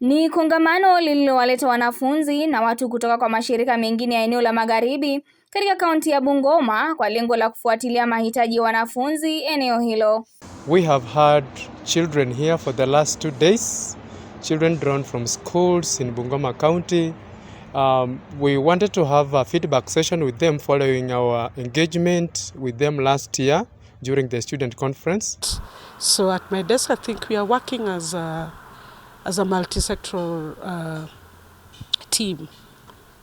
Ni kongamano lililowaleta wanafunzi na watu kutoka kwa mashirika mengine ya eneo la Magharibi katika kaunti ya Bungoma kwa lengo la kufuatilia mahitaji ya wanafunzi eneo hilo. We have had children here for the last two days. Children drawn from schools in Bungoma County. Um, we wanted to have a feedback session with them following our engagement with them last year during the student conference. So at my desk, I think we are working as a, as a multisectoral uh, team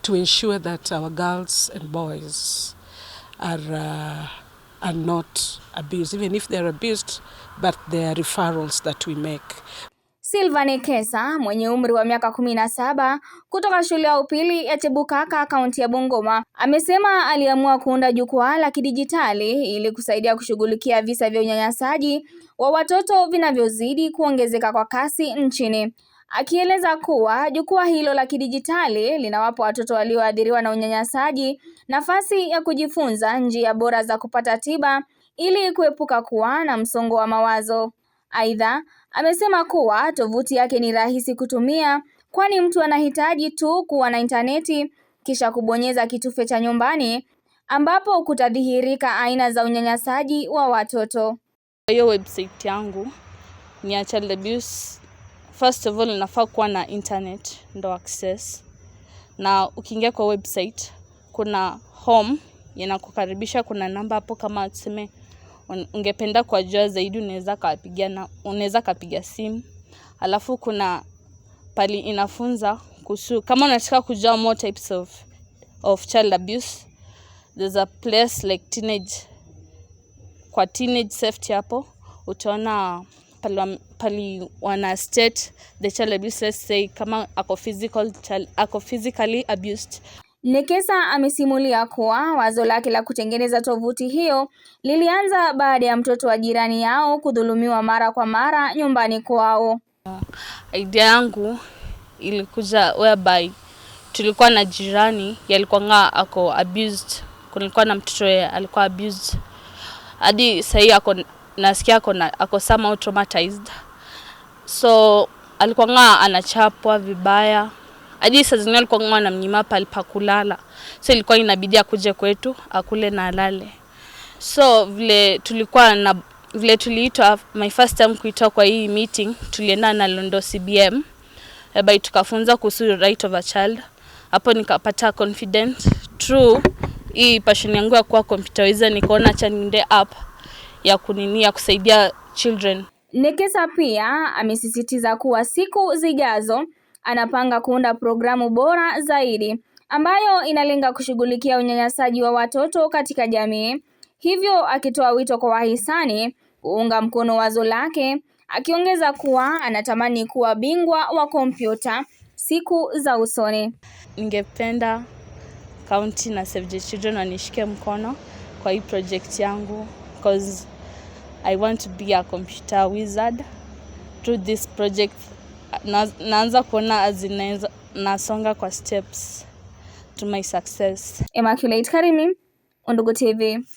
to ensure that our girls and boys are, uh, are not abused, even if they're abused, but they are referrals that we make. Silvan Kesa mwenye umri wa miaka kumi na saba kutoka shule ya upili ya Chebukaka kaunti ya Bungoma amesema aliamua kuunda jukwaa la kidijitali ili kusaidia kushughulikia visa vya unyanyasaji wa watoto vinavyozidi kuongezeka kwa kasi nchini, akieleza kuwa jukwaa hilo la kidijitali linawapa watoto walioathiriwa na unyanyasaji nafasi ya kujifunza njia bora za kupata tiba ili kuepuka kuwa na msongo wa mawazo. Aidha, amesema kuwa tovuti yake ni rahisi kutumia kwani mtu anahitaji tu kuwa na intaneti kisha kubonyeza kitufe cha nyumbani ambapo kutadhihirika aina za unyanyasaji wa watoto. Hiyo website yangu ni ya child abuse. First of all, inafaa kuwa na internet ndo access, na ukiingia kwa website kuna home inakukaribisha, kuna namba hapo kama tuseme ungependa kuwajua zaidi unaweza kapiga simu. Alafu kuna pali inafunza kuhusu kama unataka kujua more types of, of child abuse there's a place like teenage kwa teenage safety hapo utaona pali, pali wana state the child abuse say kama ako, physical, child, ako physically abused nekesa amesimulia kuwa wazo lake la kutengeneza tovuti hiyo lilianza baada ya mtoto wa jirani yao kudhulumiwa mara kwa mara nyumbani kwao. Idea yangu ilikuja whereby tulikuwa na jirani yalikuwanga ako abused, kulikuwa na mtoto alikuwa abused hadi sahii ako nasikia ako, ako somehow traumatized, so alikuwanga anachapwa vibaya Ajui saa zingine alikuwa ng'oa anamnyima pahali pa kulala, so ilikuwa inabidi akuje kwetu akule na alale. So vile tulikuwa na vile tuliitwa, my first time kuitwa kwa hii meeting, tulienda na Londo CBM eh, by tukafunza kuhusu right of a child. Hapo nikapata confident true hii passion yangu ya kuwa computer wiza, nikaona cha niende ya kunini ya kusaidia children. Nekesa pia amesisitiza kuwa siku zijazo anapanga kuunda programu bora zaidi ambayo inalenga kushughulikia unyanyasaji wa watoto katika jamii, hivyo akitoa wito kwa wahisani kuunga mkono wazo lake, akiongeza kuwa anatamani kuwa bingwa wa kompyuta siku za usoni. Ningependa kaunti na Save the Children wanishike mkono kwa hii project yangu because I want to be a computer wizard through this project na, naanza kuona azinaweza nasonga kwa steps to my success. Immaculate Karimi, Undugu TV.